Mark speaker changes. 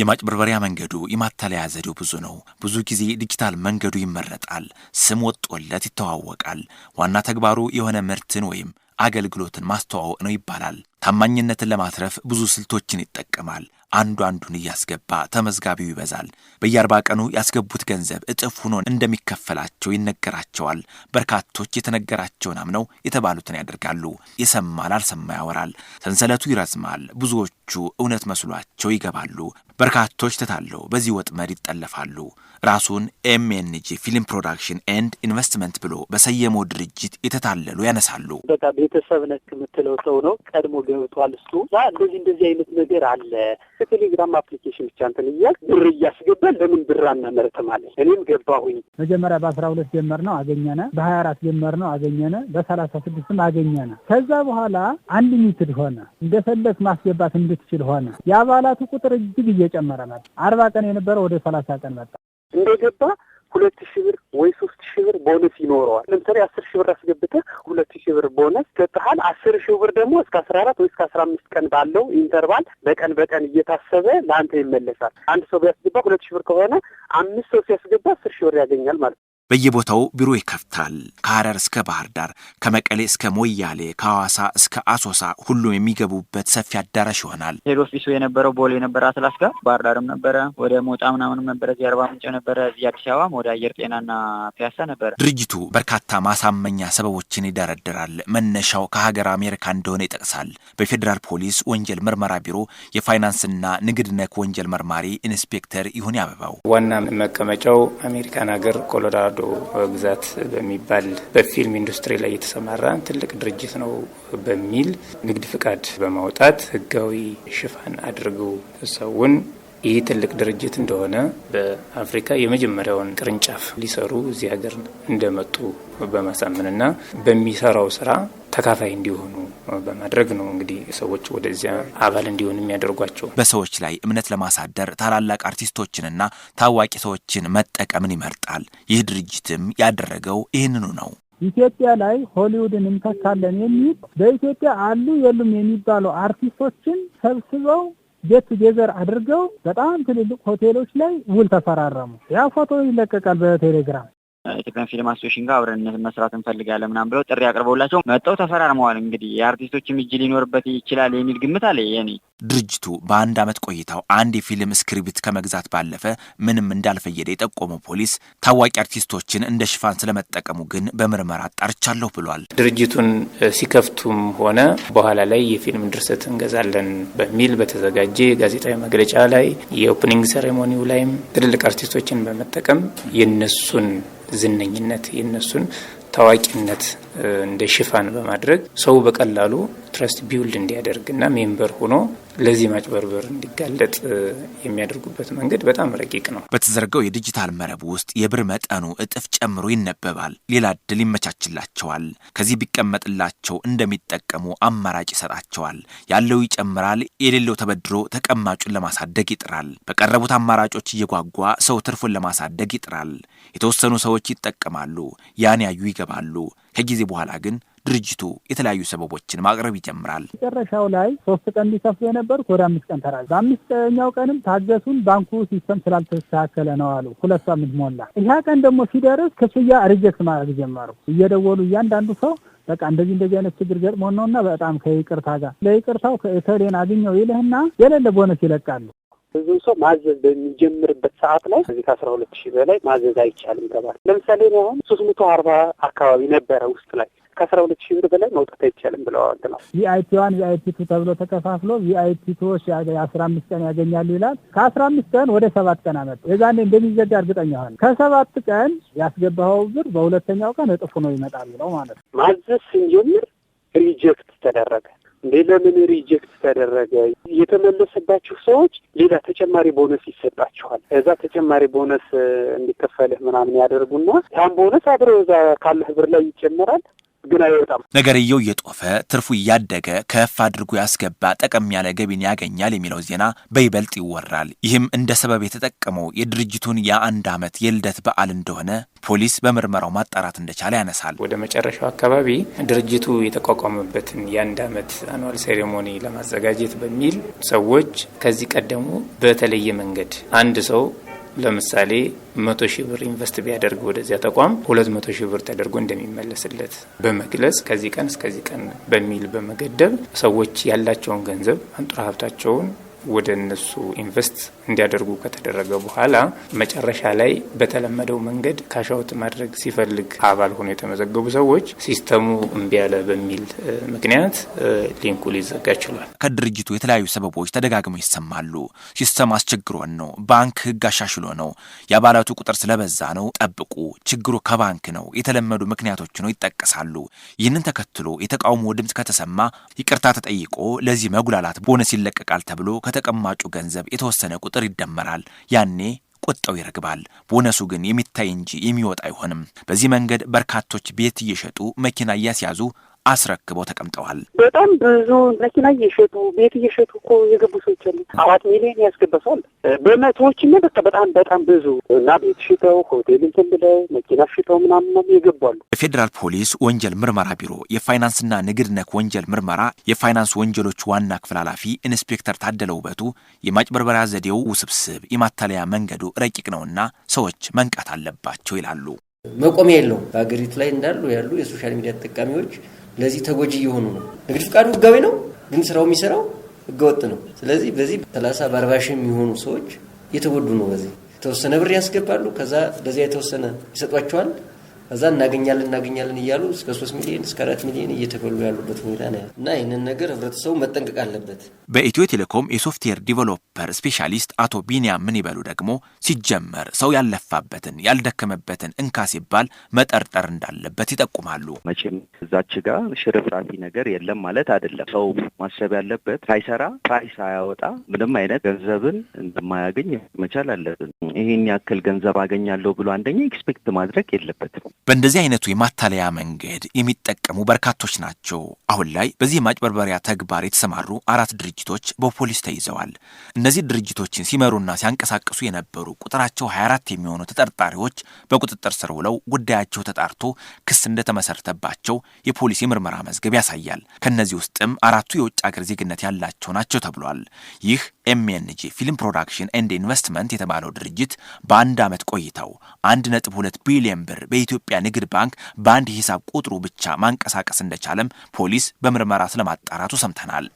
Speaker 1: የማጭበርበሪያ መንገዱ የማታለያ ዘዴው ብዙ ነው። ብዙ ጊዜ ዲጂታል መንገዱ ይመረጣል። ስም ወጦለት ይተዋወቃል። ዋና ተግባሩ የሆነ ምርትን ወይም አገልግሎትን ማስተዋወቅ ነው ይባላል። ታማኝነትን ለማትረፍ ብዙ ስልቶችን ይጠቀማል። አንዱ አንዱን እያስገባ ተመዝጋቢው ይበዛል። በየአርባ ቀኑ ያስገቡት ገንዘብ እጥፍ ሆኖ እንደሚከፈላቸው ይነገራቸዋል። በርካቶች የተነገራቸውን አምነው የተባሉትን ያደርጋሉ። የሰማል አልሰማ ያወራል። ሰንሰለቱ ይረዝማል። ብዙዎች ብዙዎቹ እውነት መስሏቸው ይገባሉ። በርካቶች ተታለው በዚህ ወጥመድ ይጠለፋሉ። ራሱን ኤምኤንጂ ፊልም ፕሮዳክሽን ኤንድ ኢንቨስትመንት ብሎ በሰየመው ድርጅት የተታለሉ ያነሳሉ።
Speaker 2: በቃ ቤተሰብ ነክ የምትለው ሰው ነው ቀድሞ ገብቷል። እሱ እንደዚህ እንደዚህ አይነት ነገር አለ። ከቴሌግራም አፕሊኬሽን ብቻ እንትን እያል ብር እያስገባ ለምን ብር አናመርትም አለ። እኔም ገባሁኝ።
Speaker 3: መጀመሪያ በአስራ ሁለት ጀመር ነው አገኘነ። በሀያ አራት ጀመር ነው አገኘነ። በሰላሳ ስድስትም አገኘነ። ከዛ በኋላ አንድ ሚትድ ሆነ እንደፈለግ ማስገባት ልትችል ሆነ። የአባላቱ ቁጥር እጅግ እየጨመረ መጣ። አርባ ቀን የነበረ ወደ ሰላሳ ቀን መጣ።
Speaker 2: እንደገባ ሁለት ሺህ ብር ወይ ሶስት ሺህ ብር ቦነስ ይኖረዋል። ለምሳሌ አስር ሺህ ብር አስገብተህ ሁለት ሺህ ብር ቦነስ ሰጥሃል። አስር ሺህ ብር ደግሞ እስከ አስራ አራት ወይ እስከ አስራ አምስት ቀን ባለው ኢንተርቫል በቀን በቀን እየታሰበ ለአንተ ይመለሳል። አንድ ሰው ቢያስገባ ሁለት ሺህ ብር ከሆነ አምስት ሰው ሲያስገባ አስር ሺህ ብር ያገኛል ማለት ነው።
Speaker 1: በየቦታው ቢሮ ይከፍታል። ከሐረር እስከ ባህር ዳር፣ ከመቀሌ እስከ ሞያሌ፣ ከሐዋሳ እስከ አሶሳ ሁሉም የሚገቡበት ሰፊ አዳራሽ ይሆናል።
Speaker 4: ሄድ ኦፊሱ የነበረው ቦሌ የነበረ አትላስ ጋር፣ ባህር ዳርም ነበረ፣ ወደ ሞጣ ምናምንም ነበረ፣ እዚህ አርባ ምንጭ ነበረ፣ እዚህ አዲስ አበባም ወደ አየር ጤናና ፒያሳ ነበረ።
Speaker 1: ድርጅቱ በርካታ ማሳመኛ ሰበቦችን ይደረድራል። መነሻው ከሀገር አሜሪካ እንደሆነ ይጠቅሳል። በፌዴራል ፖሊስ ወንጀል ምርመራ ቢሮ የፋይናንስና ንግድ ነክ ወንጀል መርማሪ ኢንስፔክተር ይሁን አበባው
Speaker 5: ዋና መቀመጫው አሜሪካን ሀገር ኮሎራዶ ግዛት በሚባል በፊልም ኢንዱስትሪ ላይ የተሰማራ ትልቅ ድርጅት ነው በሚል ንግድ ፍቃድ በማውጣት ህጋዊ ሽፋን አድርገው ሰውን ይህ ትልቅ ድርጅት እንደሆነ በአፍሪካ የመጀመሪያውን ቅርንጫፍ ሊሰሩ እዚህ ሀገር እንደመጡ በማሳመንና በሚሰራው ስራ ተካፋይ እንዲሆኑ በማድረግ ነው እንግዲህ ሰዎች ወደዚያ አባል እንዲሆኑ የሚያደርጓቸው።
Speaker 1: በሰዎች ላይ እምነት ለማሳደር ታላላቅ አርቲስቶችንና ታዋቂ ሰዎችን መጠቀምን ይመርጣል። ይህ ድርጅትም ያደረገው ይህንኑ ነው።
Speaker 3: ኢትዮጵያ ላይ ሆሊውድን እንተካለን የሚል በኢትዮጵያ አሉ የሉም የሚባሉ አርቲስቶችን ሰብስበው ጌት ቱጌዘር አድርገው በጣም ትልልቅ ሆቴሎች ላይ ውል ተፈራረሙ። ያ ፎቶ ይለቀቃል በቴሌግራም
Speaker 4: ኢትዮጵያን ፊልም አሶሴሽን ጋር አብረን መስራት እንፈልጋለን ምናም ብለው ጥሪ አቅርበውላቸው መጠው ተፈራርመዋል። እንግዲህ የአርቲስቶችም እጅ ሊኖርበት ይችላል የሚል ግምት አለ የኔ።
Speaker 1: ድርጅቱ በአንድ ዓመት ቆይታው አንድ የፊልም ስክሪፕት ከመግዛት ባለፈ ምንም እንዳልፈየደ የጠቆመው ፖሊስ ታዋቂ አርቲስቶችን እንደ ሽፋን ስለመጠቀሙ ግን በምርመራ አጣርቻለሁ ብሏል።
Speaker 5: ድርጅቱን ሲከፍቱም ሆነ በኋላ ላይ የፊልም ድርሰት እንገዛለን በሚል በተዘጋጀ ጋዜጣዊ መግለጫ ላይ የኦፕኒንግ ሴሬሞኒው ላይም ትልልቅ አርቲስቶችን በመጠቀም የነሱን ዝነኝነት የነሱን ታዋቂነት እንደ ሽፋን በማድረግ ሰው በቀላሉ ትረስት ቢውልድ እንዲያደርግና ሜምበር ሆኖ ለዚህ ማጭበርበር እንዲጋለጥ የሚያደርጉበት መንገድ በጣም ረቂቅ ነው።
Speaker 1: በተዘረገው የዲጂታል መረብ ውስጥ የብር መጠኑ እጥፍ ጨምሮ ይነበባል። ሌላ እድል ይመቻችላቸዋል። ከዚህ ቢቀመጥላቸው እንደሚጠቀሙ አማራጭ ይሰጣቸዋል። ያለው ይጨምራል፣ የሌለው ተበድሮ ተቀማጩን ለማሳደግ ይጥራል። በቀረቡት አማራጮች እየጓጓ ሰው ትርፉን ለማሳደግ ይጥራል። የተወሰኑ ሰዎች ይጠቀማሉ፣ ያን ያዩ ይገባሉ። ከጊዜ በኋላ ግን ድርጅቱ የተለያዩ ሰበቦችን ማቅረብ ይጀምራል።
Speaker 3: መጨረሻው ላይ ሶስት ቀን ሊከፍሉ የነበሩት ወደ አምስት ቀን ተራ በአምስተኛው ቀንም ታገሱን ባንኩ ሲስተም ስላልተስተካከለ ነው አሉ። ሁለት ሳምንት ሞላ። ይህ ቀን ደግሞ ሲደርስ ክፍያ ሪጀክት ማድረግ ጀመሩ። እየደወሉ እያንዳንዱ ሰው በቃ እንደዚህ እንደዚህ አይነት ችግር ገጥሞን ነውና በጣም ከይቅርታ ጋር ለይቅርታው ከእከሌን አግኘው ይልህና የሌለ ቦነስ ይለቃሉ።
Speaker 2: ብዙ ሰው ማዘዝ በሚጀምርበት ሰዓት ላይ ከዚህ ከአስራ ሁለት ሺህ በላይ ማዘዝ አይቻልም ተባለ። ለምሳሌ አሁን ሶስት መቶ አርባ አካባቢ ነበረ ውስጥ ላይ ከአስራ ሁለት ሺህ ብር በላይ መውጣት አይቻልም ብለዋል። ነው
Speaker 3: ቪአይፒ ዋን ቪአይፒ ቱ ተብሎ ተከፋፍሎ ቪአይፒ ቱዎች አስራ አምስት ቀን ያገኛሉ ይላል። ከአስራ አምስት ቀን ወደ ሰባት ቀን አመጡ። የዛኔ እንደሚዘጋ እርግጠኛ ሆነ። ከሰባት ቀን ያስገባኸው ብር በሁለተኛው ቀን እጥፉ ነው ይመጣል ብለው ማለት ነው።
Speaker 2: ማዘዝ ስንጀምር ሪጀክት ተደረገ። ለምን ሪጀክት ተደረገ? የተመለሰባችሁ ሰዎች ሌላ ተጨማሪ ቦነስ ይሰጣችኋል። እዛ ተጨማሪ ቦነስ እንዲከፈልህ ምናምን ያደርጉና ያን ቦነስ አብረው እዛ ካለህ ብር ላይ ይጨመራል። ግን አይወጣም።
Speaker 1: ነገርየው እየጦፈ ትርፉ እያደገ ከፍ አድርጎ ያስገባ ጠቀም ያለ ገቢን ያገኛል የሚለው ዜና በይበልጥ ይወራል። ይህም እንደ ሰበብ የተጠቀመው የድርጅቱን የአንድ ዓመት የልደት በዓል እንደሆነ ፖሊስ በምርመራው ማጣራት እንደቻለ ያነሳል።
Speaker 5: ወደ መጨረሻው አካባቢ ድርጅቱ የተቋቋመበትን የአንድ ዓመት አኗል ሴሬሞኒ ለማዘጋጀት በሚል ሰዎች ከዚህ ቀደሙ በተለየ መንገድ አንድ ሰው ለምሳሌ መቶ ሺህ ብር ኢንቨስት ቢያደርግ ወደዚያ ተቋም ሁለት መቶ ሺህ ብር ተደርጎ እንደሚመለስለት በመግለጽ ከዚህ ቀን እስከዚህ ቀን በሚል በመገደብ ሰዎች ያላቸውን ገንዘብ አንጡራ ሀብታቸውን ወደ እነሱ ኢንቨስት እንዲያደርጉ ከተደረገ በኋላ መጨረሻ ላይ በተለመደው መንገድ ካሻውት ማድረግ ሲፈልግ አባል ሆኖ የተመዘገቡ ሰዎች ሲስተሙ እምቢ ያለ በሚል ምክንያት ሊንኩ ሊዘጋ ችሏል።
Speaker 1: ከድርጅቱ የተለያዩ ሰበቦች ተደጋግመው ይሰማሉ። ሲስተም አስቸግሮን ነው፣ ባንክ ህግ አሻሽሎ ነው፣ የአባላቱ ቁጥር ስለበዛ ነው፣ ጠብቁ፣ ችግሩ ከባንክ ነው፣ የተለመዱ ምክንያቶች ነው ይጠቀሳሉ። ይህንን ተከትሎ የተቃውሞ ድምፅ ከተሰማ ይቅርታ ተጠይቆ ለዚህ መጉላላት ቦነስ ይለቀቃል ተብሎ ከተቀማጩ ገንዘብ የተወሰነ ቁጥር ይደመራል። ያኔ ቁጠው ይረግባል። ቦነሱ ግን የሚታይ እንጂ የሚወጣ አይሆንም። በዚህ መንገድ በርካቶች ቤት እየሸጡ መኪና እያስያዙ አስረክበው ተቀምጠዋል።
Speaker 2: በጣም ብዙ መኪና እየሸጡ ቤት እየሸጡ እኮ የገቡ ሰዎች አሉ። አራት ሚሊዮን ያስገባሰዋል በመቶዎች እና በቃ በጣም በጣም ብዙ እና ቤት ሽጠው ሆቴል እንትን ብለው መኪና ሽተው ምናምን ይገባሉ።
Speaker 1: የፌዴራል ፖሊስ ወንጀል ምርመራ ቢሮ የፋይናንስና ንግድ ነክ ወንጀል ምርመራ የፋይናንስ ወንጀሎች ዋና ክፍል ኃላፊ ኢንስፔክተር ታደለ ውበቱ የማጭበርበሪያ ዘዴው ውስብስብ፣ የማታለያ መንገዱ ረቂቅ ነውና ሰዎች መንቃት አለባቸው ይላሉ።
Speaker 6: መቆሚያ የለውም። በሀገሪቱ ላይ እንዳሉ ያሉ የሶሻል ሚዲያ ተጠቃሚዎች ለዚህ ተጎጂ እየሆኑ ነው። ንግድ ፍቃዱ ህጋዊ ነው፣ ግን ስራው የሚሰራው ህገወጥ ነው። ስለዚህ በዚህ ሰላሳ በአርባ ሺህ የሚሆኑ ሰዎች እየተጎዱ ነው። በዚህ የተወሰነ ብር ያስገባሉ። ከዛ በዚያ የተወሰነ ይሰጧቸዋል። ከዛ እናገኛለን እናገኛለን እያሉ እስከ ሶስት ሚሊዮን እስከ አራት ሚሊዮን እየተበሉ ያሉበት ሁኔታ ነው እና ይህንን ነገር ህብረተሰቡ መጠንቀቅ አለበት።
Speaker 1: በኢትዮ ቴሌኮም የሶፍትዌር ዲቨሎፐር ስፔሻሊስት አቶ ምን ይበሉ ደግሞ ሲጀመር ሰው ያለፋበትን ያልደከመበትን እንካ ሲባል መጠርጠር እንዳለበት ይጠቁማሉ።
Speaker 7: መቼም እዛች ጋር ሽርፍራፊ ነገር የለም ማለት አይደለም። ሰው ማሰብ ያለበት ሳይሰራ ፕራይስ ሳያወጣ ምንም አይነት ገንዘብን እንደማያገኝ መቻል አለብን። ይህን ያክል ገንዘብ አገኛለሁ ብሎ አንደኛ ኤክስፔክት ማድረግ የለበትም።
Speaker 1: በእንደዚህ አይነቱ የማታለያ መንገድ የሚጠቀሙ በርካቶች ናቸው። አሁን ላይ በዚህ ማጭበርበሪያ ተግባር የተሰማሩ አራት ድርጅቶች በፖሊስ ተይዘዋል። እነዚህ ድርጅቶችን ሲመሩና ሲያንቀሳቅሱ የነበሩ ቁጥራቸው 24 የሚሆኑ ተጠርጣሪዎች በቁጥጥር ስር ውለው ጉዳያቸው ተጣርቶ ክስ እንደተመሰረተባቸው የፖሊስ የምርመራ መዝገብ ያሳያል። ከእነዚህ ውስጥም አራቱ የውጭ አገር ዜግነት ያላቸው ናቸው ተብሏል። ይህ ኤምኤንጂ ፊልም ፕሮዳክሽን ኤንድ ኢንቨስትመንት የተባለው ድርጅት በአንድ ዓመት ቆይተው 1.2 ቢሊዮን ብር በኢትዮጵያ የኢትዮጵያ ንግድ ባንክ በአንድ የሂሳብ ቁጥሩ ብቻ ማንቀሳቀስ እንደቻለም ፖሊስ በምርመራ ስለማጣራቱ ሰምተናል።